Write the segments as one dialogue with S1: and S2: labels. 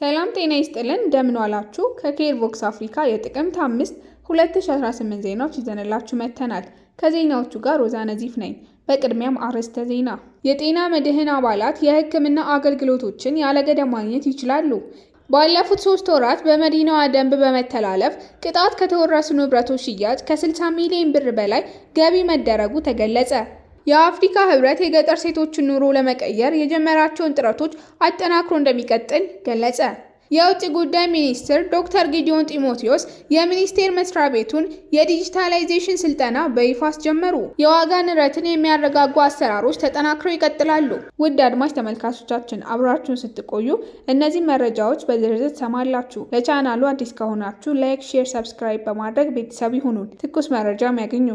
S1: ሰላም ጤና ይስጥልን እንደምን ዋላችሁ። ከኬር ቮክስ አፍሪካ የጥቅምት 5 2018 ዜናዎች ይዘንላችሁ መጥተናል። ከዜናዎቹ ጋር ሮዛ ነዚፍ ነኝ። በቅድሚያም አርዕስተ ዜና። የጤና መድህን አባላት የሕክምና አገልግሎቶችን ያለገደብ ማግኘት ይችላሉ። ባለፉት ሶስት ወራት በመዲናዋ ደንብ በመተላለፍ ቅጣት ከተወረሱ ንብረቶች ሽያጭ ከ60 ሚሊዮን ብር በላይ ገቢ መደረጉ ተገለጸ። የአፍሪካ ህብረት የገጠር ሴቶችን ኑሮ ለመቀየር የጀመራቸውን ጥረቶች አጠናክሮ እንደሚቀጥል ገለጸ። የውጭ ጉዳይ ሚኒስትር ዶክተር ጊዲዮን ጢሞቴዎስ የሚኒስቴር መስሪያ ቤቱን የዲጂታላይዜሽን ስልጠና በይፋ አስጀመሩ። የዋጋ ንረትን የሚያረጋጉ አሰራሮች ተጠናክረው ይቀጥላሉ። ውድ አድማጭ ተመልካቾቻችን አብራችሁን ስትቆዩ እነዚህ መረጃዎች በዝርዝር ትሰማላችሁ። ለቻናሉ አዲስ ከሆናችሁ ላይክ፣ ሼር፣ ሰብስክራይብ በማድረግ ቤተሰብ ይሁኑን። ትኩስ መረጃም ያገኙ።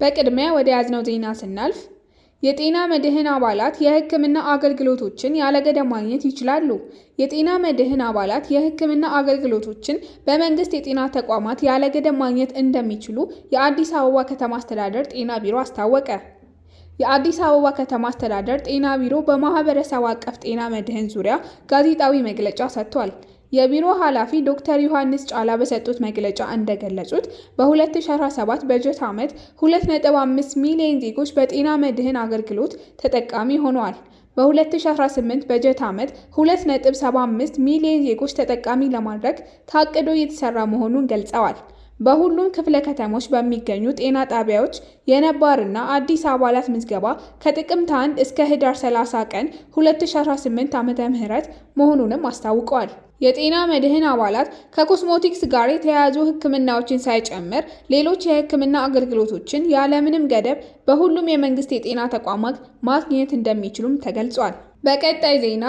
S1: በቅድሚያ ወደ ያዝነው ዜና ስናልፍ የጤና መድህን አባላት የህክምና አገልግሎቶችን ያለገደብ ማግኘት ይችላሉ። የጤና መድህን አባላት የህክምና አገልግሎቶችን በመንግስት የጤና ተቋማት ያለገደብ ማግኘት እንደሚችሉ የአዲስ አበባ ከተማ አስተዳደር ጤና ቢሮ አስታወቀ። የአዲስ አበባ ከተማ አስተዳደር ጤና ቢሮ በማህበረሰብ አቀፍ ጤና መድህን ዙሪያ ጋዜጣዊ መግለጫ ሰጥቷል። የቢሮ ኃላፊ ዶክተር ዮሐንስ ጫላ በሰጡት መግለጫ እንደገለጹት በ2017 በጀት ዓመት 2.5 ሚሊዮን ዜጎች በጤና መድህን አገልግሎት ተጠቃሚ ሆነዋል። በ2018 በጀት ዓመት 2.75 ሚሊዮን ዜጎች ተጠቃሚ ለማድረግ ታቅዶ እየተሰራ መሆኑን ገልጸዋል። በሁሉም ክፍለ ከተሞች በሚገኙ ጤና ጣቢያዎች የነባርና አዲስ አባላት ምዝገባ ከጥቅምት 1 እስከ ህዳር 30 ቀን 2018 ዓ.ም መሆኑንም አስታውቀዋል። የጤና መድህን አባላት ከኮስሞቲክስ ጋር የተያያዙ ሕክምናዎችን ሳይጨምር ሌሎች የሕክምና አገልግሎቶችን ያለምንም ገደብ በሁሉም የመንግስት የጤና ተቋማት ማግኘት እንደሚችሉም ተገልጿል። በቀጣይ ዜና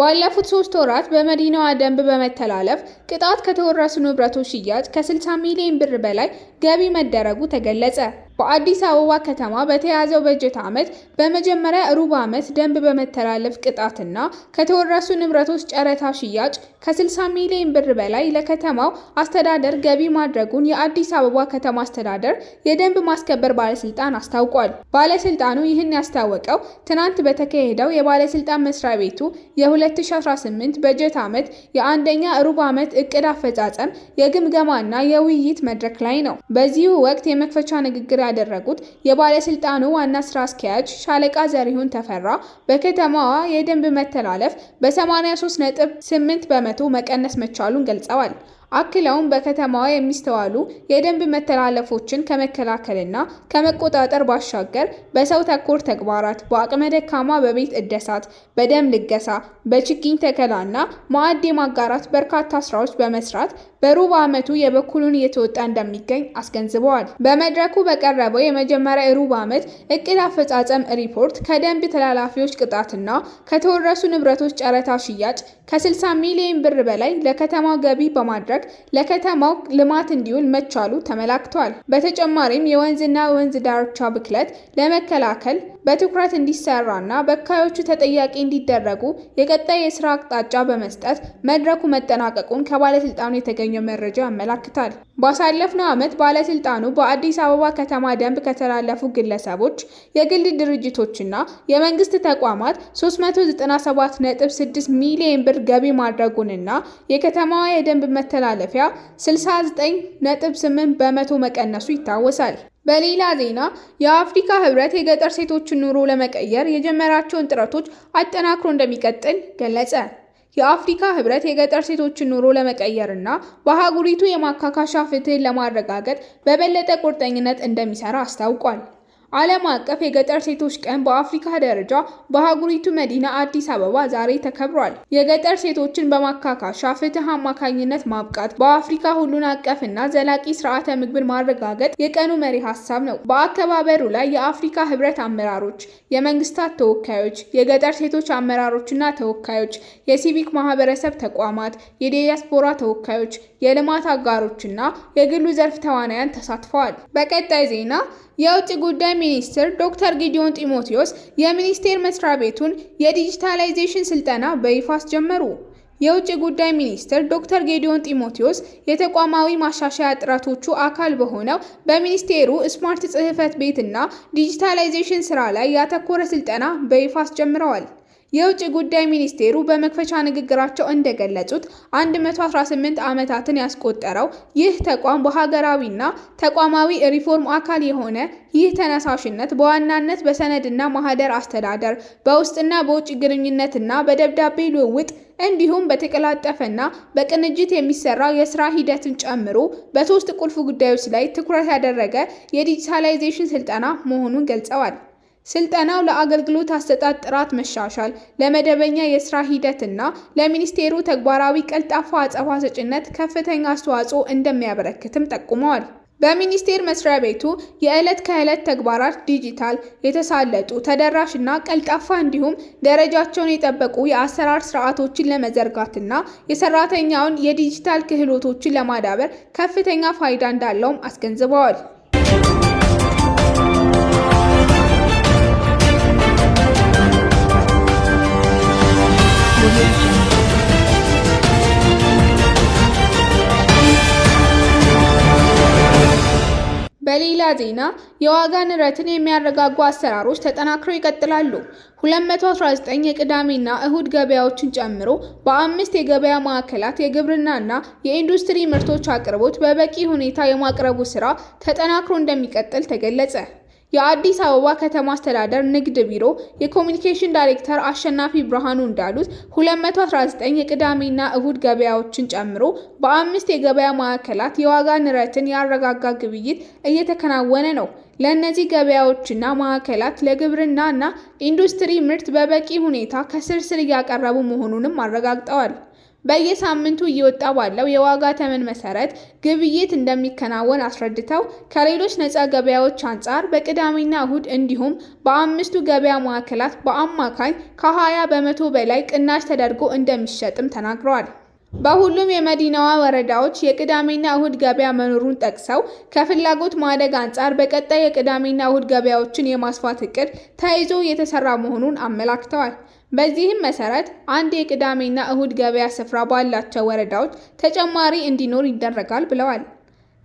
S1: ባለፉት ሶስት ወራት በመዲናዋ ደንብ በመተላለፍ ቅጣት ከተወረሱ ንብረቶች ሽያጭ ከ60 ሚሊዮን ብር በላይ ገቢ መደረጉ ተገለጸ። በአዲስ አበባ ከተማ በተያዘው በጀት ዓመት በመጀመሪያ ሩብ ዓመት ደንብ በመተላለፍ ቅጣትና ከተወረሱ ንብረቶች ጨረታ ሽያጭ ከ60 ሚሊዮን ብር በላይ ለከተማው አስተዳደር ገቢ ማድረጉን የአዲስ አበባ ከተማ አስተዳደር የደንብ ማስከበር ባለስልጣን አስታውቋል። ባለስልጣኑ ይህን ያስታወቀው ትናንት በተካሄደው የባለስልጣን መስሪያ ቤቱ የ2018 በጀት ዓመት የአንደኛ ሩብ ዓመት እቅድ አፈጻጸም የግምገማና የውይይት መድረክ ላይ ነው። በዚሁ ወቅት የመክፈቻ ንግግር ያደረጉት የባለስልጣኑ ዋና ስራ አስኪያጅ ሻለቃ ዘሪሁን ተፈራ በከተማዋ የደንብ መተላለፍ በ83.8 በመቶ መቀነስ መቻሉን ገልጸዋል። አክለውም በከተማዋ የሚስተዋሉ የደንብ መተላለፎችን ከመከላከልና ከመቆጣጠር ባሻገር በሰው ተኮር ተግባራት፣ በአቅመ ደካማ በቤት እደሳት፣ በደም ልገሳ፣ በችግኝ ተከላና ማዕድ ማጋራት በርካታ ስራዎች በመስራት በሩብ ዓመቱ የበኩሉን እየተወጣ እንደሚገኝ አስገንዝበዋል። በመድረኩ በቀረበው የመጀመሪያ የሩብ ዓመት እቅድ አፈጻጸም ሪፖርት ከደንብ ተላላፊዎች ቅጣትና ከተወረሱ ንብረቶች ጨረታ ሽያጭ ከ60 ሚሊዮን ብር በላይ ለከተማ ገቢ በማድረግ በማድረግ ለከተማው ልማት እንዲውል መቻሉ ተመላክቷል። በተጨማሪም የወንዝና ወንዝ ዳርቻ ብክለት ለመከላከል በትኩረት እንዲሰራና በካዮቹ ተጠያቂ እንዲደረጉ የቀጣይ የስራ አቅጣጫ በመስጠት መድረኩ መጠናቀቁን ከባለስልጣኑ የተገኘው መረጃ ያመላክታል። ባሳለፍነው ዓመት ባለስልጣኑ በአዲስ አበባ ከተማ ደንብ ከተላለፉ ግለሰቦች፣ የግል ድርጅቶችና የመንግስት ተቋማት 397.6 ሚሊዮን ብር ገቢ ማድረጉንና የከተማዋ የደንብ መተላለፊያ 69.8 በመቶ መቀነሱ ይታወሳል። በሌላ ዜና የአፍሪካ ህብረት የገጠር ሴቶችን ኑሮ ለመቀየር የጀመራቸውን ጥረቶች አጠናክሮ እንደሚቀጥል ገለጸ። የአፍሪካ ህብረት የገጠር ሴቶችን ኑሮ ለመቀየር እና በአህጉሪቱ የማካካሻ ፍትህን ለማረጋገጥ በበለጠ ቁርጠኝነት እንደሚሰራ አስታውቋል። ዓለም አቀፍ የገጠር ሴቶች ቀን በአፍሪካ ደረጃ በአህጉሪቱ መዲና አዲስ አበባ ዛሬ ተከብሯል። የገጠር ሴቶችን በማካካሻ ፍትህ አማካኝነት ማብቃት፣ በአፍሪካ ሁሉን አቀፍና ዘላቂ ስርዓተ ምግብን ማረጋገጥ የቀኑ መሪ ሀሳብ ነው። በአከባበሩ ላይ የአፍሪካ ህብረት አመራሮች፣ የመንግስታት ተወካዮች፣ የገጠር ሴቶች አመራሮችና ተወካዮች፣ የሲቪክ ማህበረሰብ ተቋማት፣ የዲያስፖራ ተወካዮች፣ የልማት አጋሮችና የግሉ ዘርፍ ተዋናያን ተሳትፈዋል። በቀጣይ ዜና የውጭ ጉዳይ ሚኒስትር ዶክተር ጊዲዮን ጢሞቴዎስ የሚኒስቴር መስሪያ ቤቱን የዲጂታላይዜሽን ስልጠና በይፋ አስጀመሩ። የውጭ ጉዳይ ሚኒስትር ዶክተር ጌዲዮን ጢሞቴዎስ የተቋማዊ ማሻሻያ ጥረቶቹ አካል በሆነው በሚኒስቴሩ ስማርት ጽህፈት ቤትና ዲጂታላይዜሽን ስራ ላይ ያተኮረ ስልጠና በይፋ አስጀምረዋል። የውጭ ጉዳይ ሚኒስቴሩ በመክፈቻ ንግግራቸው እንደገለጹት 118 ዓመታትን ያስቆጠረው ይህ ተቋም በሀገራዊና ተቋማዊ ሪፎርም አካል የሆነ ይህ ተነሳሽነት በዋናነት በሰነድና ማህደር አስተዳደር፣ በውስጥና በውጭ ግንኙነትና በደብዳቤ ልውውጥ እንዲሁም በተቀላጠፈና በቅንጅት የሚሰራ የስራ ሂደትን ጨምሮ በሶስት ቁልፍ ጉዳዮች ላይ ትኩረት ያደረገ የዲጂታላይዜሽን ስልጠና መሆኑን ገልጸዋል። ስልጠናው ለአገልግሎት አሰጣጥ ጥራት መሻሻል፣ ለመደበኛ የስራ ሂደትና ለሚኒስቴሩ ተግባራዊ ቀልጣፋ አጸፋ ሰጭነት ከፍተኛ አስተዋጽኦ እንደሚያበረክትም ጠቁመዋል። በሚኒስቴር መስሪያ ቤቱ የዕለት ከዕለት ተግባራት ዲጂታል፣ የተሳለጡ፣ ተደራሽ እና ቀልጣፋ እንዲሁም ደረጃቸውን የጠበቁ የአሰራር ስርዓቶችን ለመዘርጋትና የሰራተኛውን የዲጂታል ክህሎቶችን ለማዳበር ከፍተኛ ፋይዳ እንዳለውም አስገንዝበዋል። በሌላ ዜና የዋጋ ንረትን የሚያረጋጉ አሰራሮች ተጠናክረው ይቀጥላሉ። 219 የቅዳሜና እሁድ ገበያዎችን ጨምሮ በአምስት የገበያ ማዕከላት የግብርናና የኢንዱስትሪ ምርቶች አቅርቦት በበቂ ሁኔታ የማቅረቡ ስራ ተጠናክሮ እንደሚቀጥል ተገለጸ። የአዲስ አበባ ከተማ አስተዳደር ንግድ ቢሮ የኮሚኒኬሽን ዳይሬክተር አሸናፊ ብርሃኑ እንዳሉት 219 የቅዳሜና እሁድ ገበያዎችን ጨምሮ በአምስት የገበያ ማዕከላት የዋጋ ንረትን ያረጋጋ ግብይት እየተከናወነ ነው። ለእነዚህ ገበያዎችና ማዕከላት ለግብርና እና ኢንዱስትሪ ምርት በበቂ ሁኔታ ከስርስር እያቀረቡ መሆኑንም አረጋግጠዋል። በየሳምንቱ እየወጣ ባለው የዋጋ ተመን መሰረት ግብይት እንደሚከናወን አስረድተው ከሌሎች ነፃ ገበያዎች አንጻር በቅዳሜና እሁድ እንዲሁም በአምስቱ ገበያ ማዕከላት በአማካኝ ከ20 በመቶ በላይ ቅናሽ ተደርጎ እንደሚሸጥም ተናግረዋል። በሁሉም የመዲናዋ ወረዳዎች የቅዳሜና እሁድ ገበያ መኖሩን ጠቅሰው ከፍላጎት ማደግ አንጻር በቀጣይ የቅዳሜና እሁድ ገበያዎችን የማስፋት እቅድ ተይዞ የተሰራ መሆኑን አመላክተዋል። በዚህም መሰረት አንድ የቅዳሜና እሁድ ገበያ ስፍራ ባላቸው ወረዳዎች ተጨማሪ እንዲኖር ይደረጋል ብለዋል።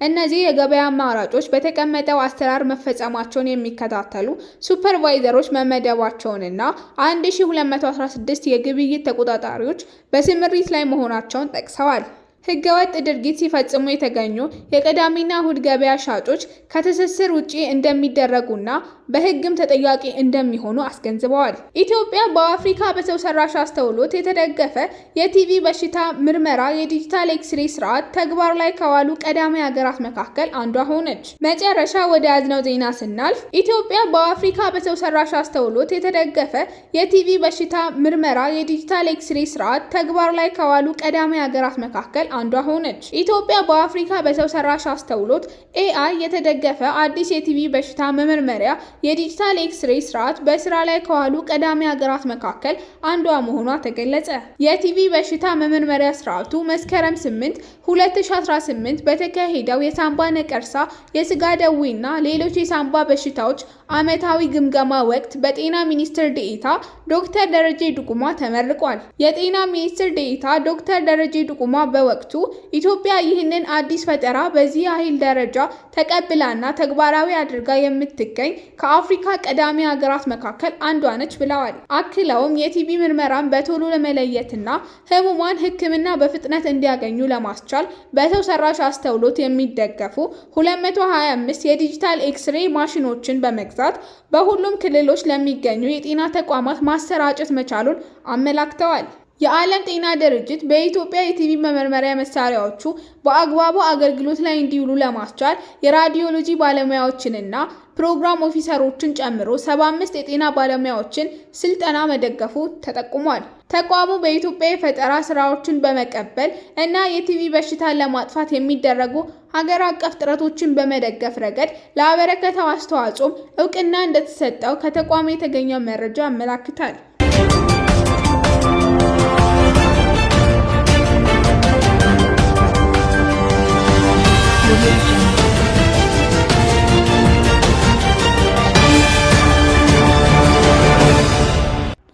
S1: እነዚህ የገበያ አማራጮች በተቀመጠው አሰራር መፈጸማቸውን የሚከታተሉ ሱፐርቫይዘሮች መመደባቸውንና 1216 የግብይት ተቆጣጣሪዎች በስምሪት ላይ መሆናቸውን ጠቅሰዋል። ህገወጥ ድርጊት ሲፈጽሙ የተገኙ የቅዳሜና እሁድ ገበያ ሻጮች ከትስስር ውጪ እንደሚደረጉና በህግም ተጠያቂ እንደሚሆኑ አስገንዝበዋል። ኢትዮጵያ በአፍሪካ በሰው ሰራሽ አስተውሎት የተደገፈ የቲቪ በሽታ ምርመራ የዲጂታል ኤክስሬ ስርዓት ተግባር ላይ ከዋሉ ቀዳሚ ሀገራት መካከል አንዷ ሆነች። መጨረሻ ወደ ያዝነው ዜና ስናልፍ ኢትዮጵያ በአፍሪካ በሰው ሰራሽ አስተውሎት የተደገፈ የቲቪ በሽታ ምርመራ የዲጂታል ኤክስሬ ስርዓት ተግባር ላይ ከዋሉ ቀዳሚ ሀገራት መካከል አንዷ ሆነች። ኢትዮጵያ በአፍሪካ በሰው ሰራሽ አስተውሎት ኤአይ የተደገፈ አዲስ የቲቪ በሽታ መመርመሪያ የዲጂታል ኤክስሬይ ስርዓት በስራ ላይ ከዋሉ ቀዳሚ ሀገራት መካከል አንዷ መሆኗ ተገለጸ። የቲቪ በሽታ መመርመሪያ ስርዓቱ መስከረም 8 2018 በተካሄደው የሳምባ ነቀርሳ፣ የስጋ ደዌና ሌሎች የሳምባ በሽታዎች ዓመታዊ ግምገማ ወቅት በጤና ሚኒስትር ዴኤታ ዶክተር ደረጀ ዱቁማ ተመርቋል። የጤና ሚኒስትር ዴኤታ ዶክተር ደረጀ ዱቁማ በወቅ በወቅቱ ኢትዮጵያ ይህንን አዲስ ፈጠራ በዚህ ያህል ደረጃ ተቀብላና ተግባራዊ አድርጋ የምትገኝ ከአፍሪካ ቀዳሚ ሀገራት መካከል አንዷ ነች ብለዋል። አክለውም የቲቢ ምርመራን በቶሎ ለመለየትና ህሙማን ሕክምና በፍጥነት እንዲያገኙ ለማስቻል በሰው ሰራሽ አስተውሎት የሚደገፉ 225 የዲጂታል ኤክስሬ ማሽኖችን በመግዛት በሁሉም ክልሎች ለሚገኙ የጤና ተቋማት ማሰራጨት መቻሉን አመላክተዋል። የዓለም ጤና ድርጅት በኢትዮጵያ የቲቪ መመርመሪያ መሳሪያዎቹ በአግባቡ አገልግሎት ላይ እንዲውሉ ለማስቻል የራዲዮሎጂ ባለሙያዎችንና ፕሮግራም ኦፊሰሮችን ጨምሮ 75 የጤና ባለሙያዎችን ስልጠና መደገፉ ተጠቁሟል። ተቋሙ በኢትዮጵያ የፈጠራ ስራዎችን በመቀበል እና የቲቪ በሽታን ለማጥፋት የሚደረጉ ሀገር አቀፍ ጥረቶችን በመደገፍ ረገድ ለአበረከተው አስተዋጽኦም እውቅና እንደተሰጠው ከተቋሙ የተገኘው መረጃ ያመላክታል።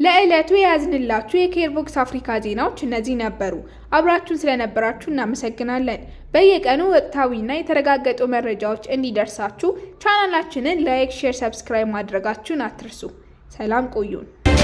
S1: ለዕለቱ የያዝንላችሁ የኬርቦክስ አፍሪካ ዜናዎች እነዚህ ነበሩ። አብራችሁን ስለነበራችሁ እናመሰግናለን። በየቀኑ ወቅታዊና የተረጋገጡ መረጃዎች እንዲደርሳችሁ ቻናላችንን ላይክ፣ ሼር፣ ሰብስክራይብ ማድረጋችሁን አትርሱ። ሰላም ቆዩን።